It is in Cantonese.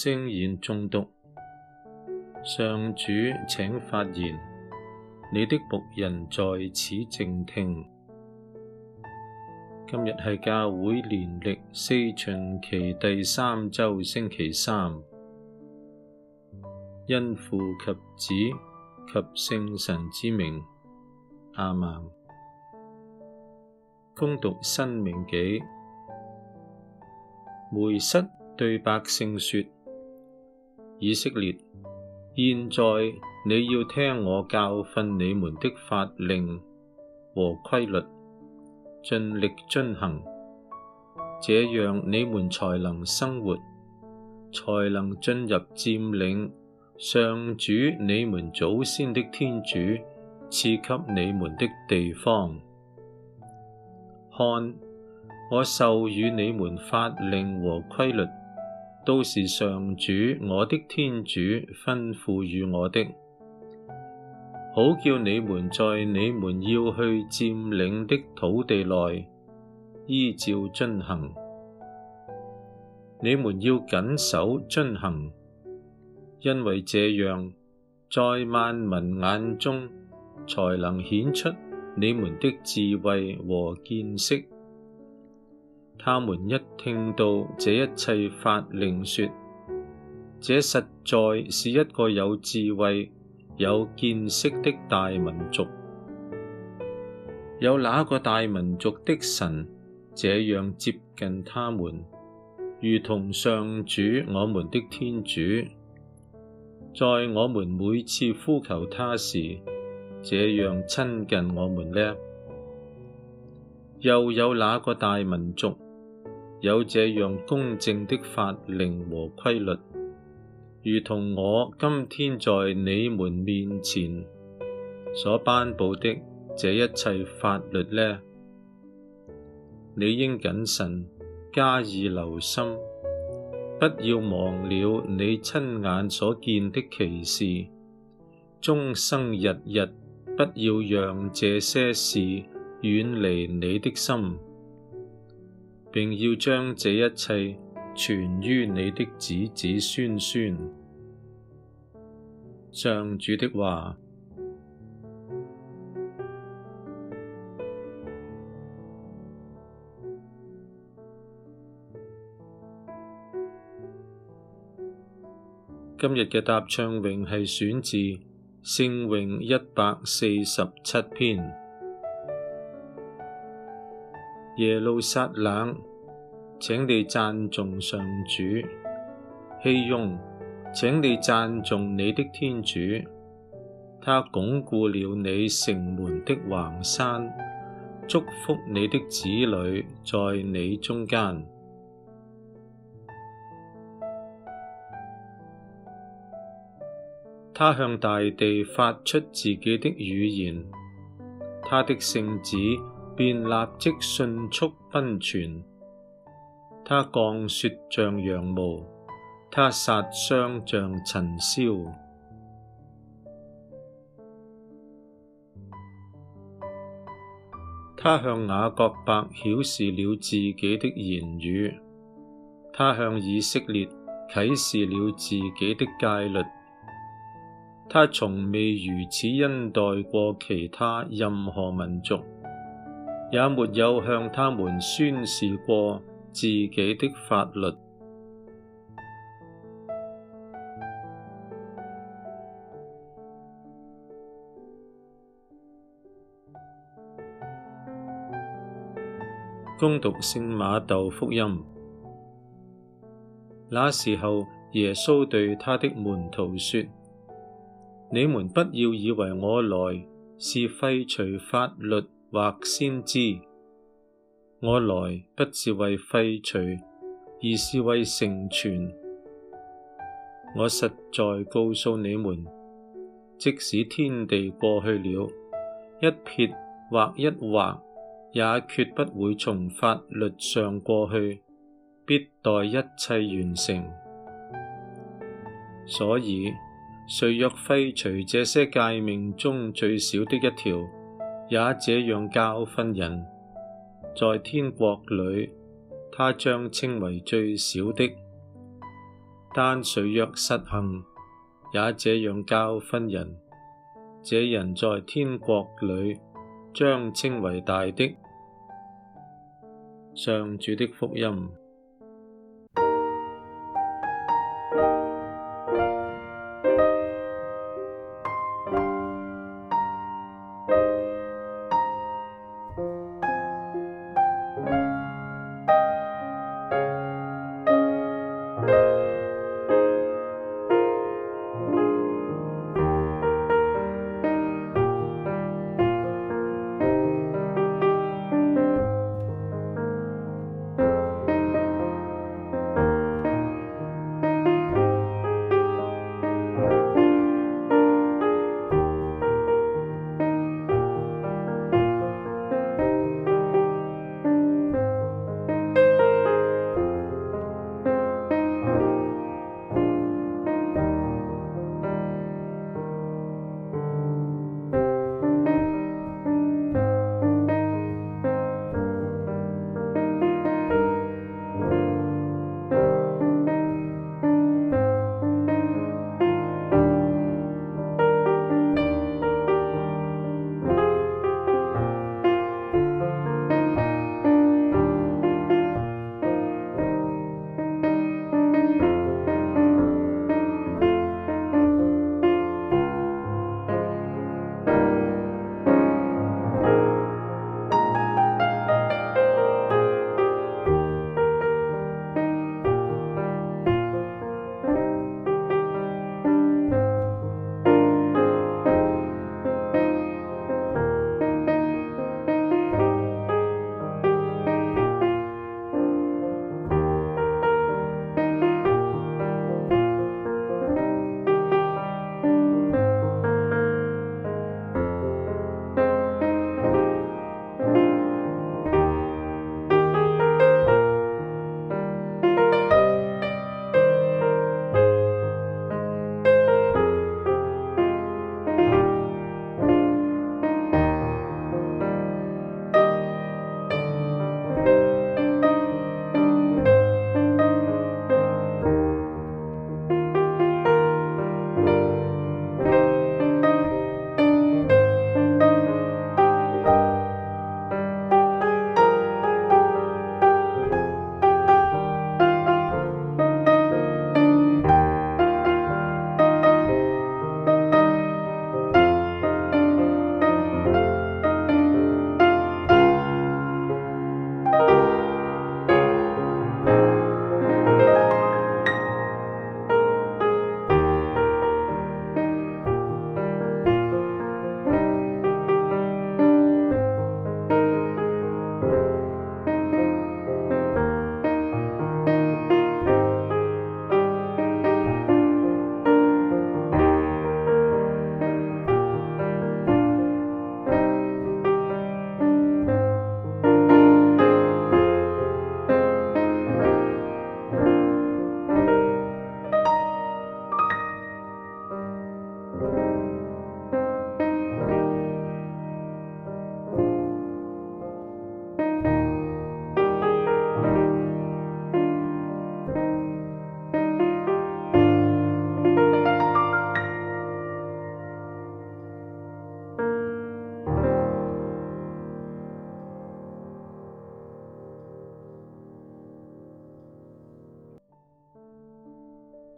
聖言誦讀，上主，請發言，你的僕人在此靜聽。今日係教會年曆四旬期第三周星期三，因父及子及聖神之名，阿門。恭讀申命紀，梅瑟對百姓說。以色列，現在你要聽我教訓你們的法令和規律，盡力遵行，這樣你們才能生活，才能進入佔領上主你們祖先的天主賜給你們的地方。看，我授與你們法令和規律，都是上主我的天主吩咐與我的，好叫你們在你們要去佔領的土地內，依照遵行，你們要謹守遵行，因為這樣，在萬民眼中才能顯出你們的智慧和見識。他們一聽到這一切法令，說：這實在是一個有智慧、有見識的大民族。有哪個大民族的神這樣接近他們，如同上主我們的天主，在我們每次呼求他時，這樣親近我們呢？又有哪個大民族？有這樣公正的法令和規律，如同我今天在你們面前所頒布的這一切法律呢？你應謹慎，加意留心，不要忘了你親眼所見的奇事，終生日日不要讓這些事遠離你的心。並要將這一切傳於你的子子孫孫。上主的話，今日嘅答唱詠係選自聖詠一百四十七篇。耶路撒冷，請你讚頌上主，熙雍，請你讚頌你的天主，他鞏固了你城門的橫閂，祝福你的子女在你中間。他向大地發出自己的語言，他的聖旨。便立即迅速奔傳，他降雪像羊毛，他撒霜像塵宵。他向雅各伯曉示了自己的言語，他向以色列啟示了自己的誡律。他從未如此恩待過其他任何民族。也沒有向他們宣示過自己的法律。恭讀《聖馬竇福音》，那時候，耶穌對他的門徒說：你們不要以為我來是廢除法律。或先知，我來不是為廢除，而是為成全。我實在告訴你們，即使天地過去了一撇或一畫，也決不會從法律上過去，必待一切完成。所以，誰若廢除這些誡命中最小的一條，也這樣教訓人，在天國裏，他將稱為最小的；但誰若實行，也這樣教訓人，這人在天國裏將稱為大的。上主的福音。